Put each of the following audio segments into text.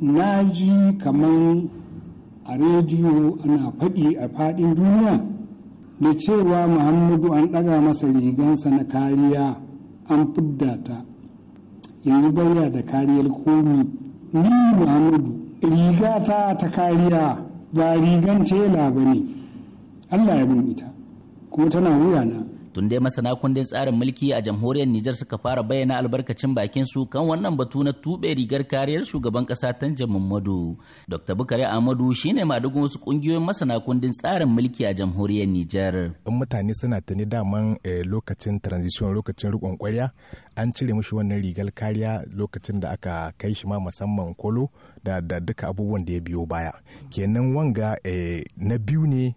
na ji kamar a rediyo ana faɗi a faɗin duniya da cewa muhammadu an ɗaga masa rigansa na kariya an fidda ta yanzu baya da kariyar komi ni muhammadu rigata ta kariya ba rigan tela ba ne allah ya bin ita kuma tana wuya na tun dai masana kundin tsarin mulki a jamhuriyar Nijar suka fara bayyana albarkacin bakin su kan wannan batu na tube rigar kariyar shugaban kasa Tanja Muhammadu. Dr. Bukari Ahmadu shine madugun wasu kungiyoyin masana kundin tsarin mulki a jamhuriyar Nijar. In mutane suna tuni daman eh, lokacin transition lokacin rikon kwarya an cire mushi wannan rigar kariya lokacin da aka kai shi ma musamman kolo da duka abubuwan da ya biyo baya. Kenan wanga eh, na biyu ne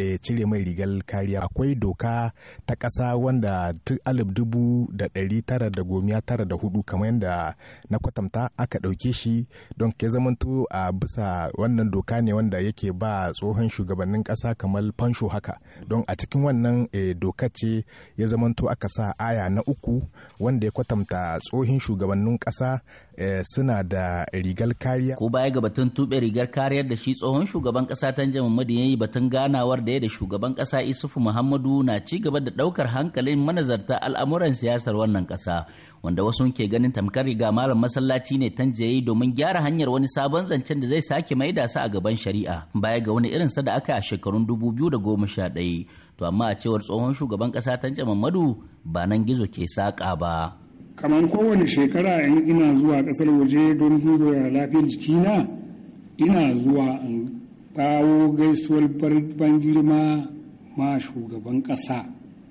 Eh, cire mai rigar kariya akwai doka ta ƙasa wanda tun alif dubu da ɗari tara da gomiya tara da hudu kamar yadda na kwatanta aka ɗauke shi don ke zamanto a bisa wannan doka ne wanda yake ba tsohon shugabannin ƙasa kamar fansho haka don a cikin wannan eh, doka ce ya zamanto aka sa aya na uku wanda ya kwatanta tsohon shugabannin ƙasa Eh, suna da rigar kariya. Ko baya ga batun tuɓe rigar kariyar da shi tsohon shugaban ƙasa Tanja Muhammadu ya yi batun ganawar da ya da shugaban ƙasa Isufu Muhammadu na ci gaba da ɗaukar hankalin manazarta al'amuran siyasar wannan ƙasa. Wanda wasu ke ganin tamkar riga malam masallaci ne Tanja ya yi domin gyara hanyar wani sabon zancen da zai sake maida su a gaban shari'a. Baya ga wani irin sa da aka a shekarun dubu biyu da goma sha ɗaya. To amma a cewar tsohon shugaban ƙasa Tanja Muhammadu ba nan gizo ke saƙa ba. kamar kowane shekara in ina zuwa kasar waje don duba lafiyar jikina ina zuwa in kawo gaisuwar ban girma ma shugaban ƙasa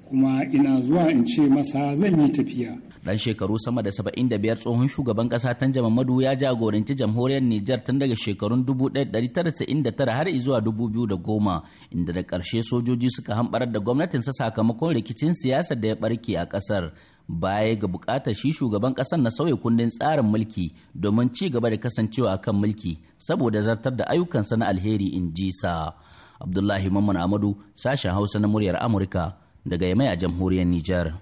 kuma ina zuwa in ce masa zan yi tafiya dan shekaru sama da 75 tsohon shugaban kasa tan Mamadu ya jagoranci jamhuriyar Nijar tun daga shekarun 1999 har zuwa 2010 inda da ƙarshe sojoji suka hambar da gwamnatinsa sakamakon rikicin siyasa da ya barke a ƙasar baya ga bukatar shi shugaban kasar na sauya kundin tsarin mulki domin ci gaba da kasancewa kan mulki saboda zartar da ayyukansa na alheri in ji sa abdullahi mamman amadu sashen hausa na muryar amurka daga yamai a jamhuriyar nijar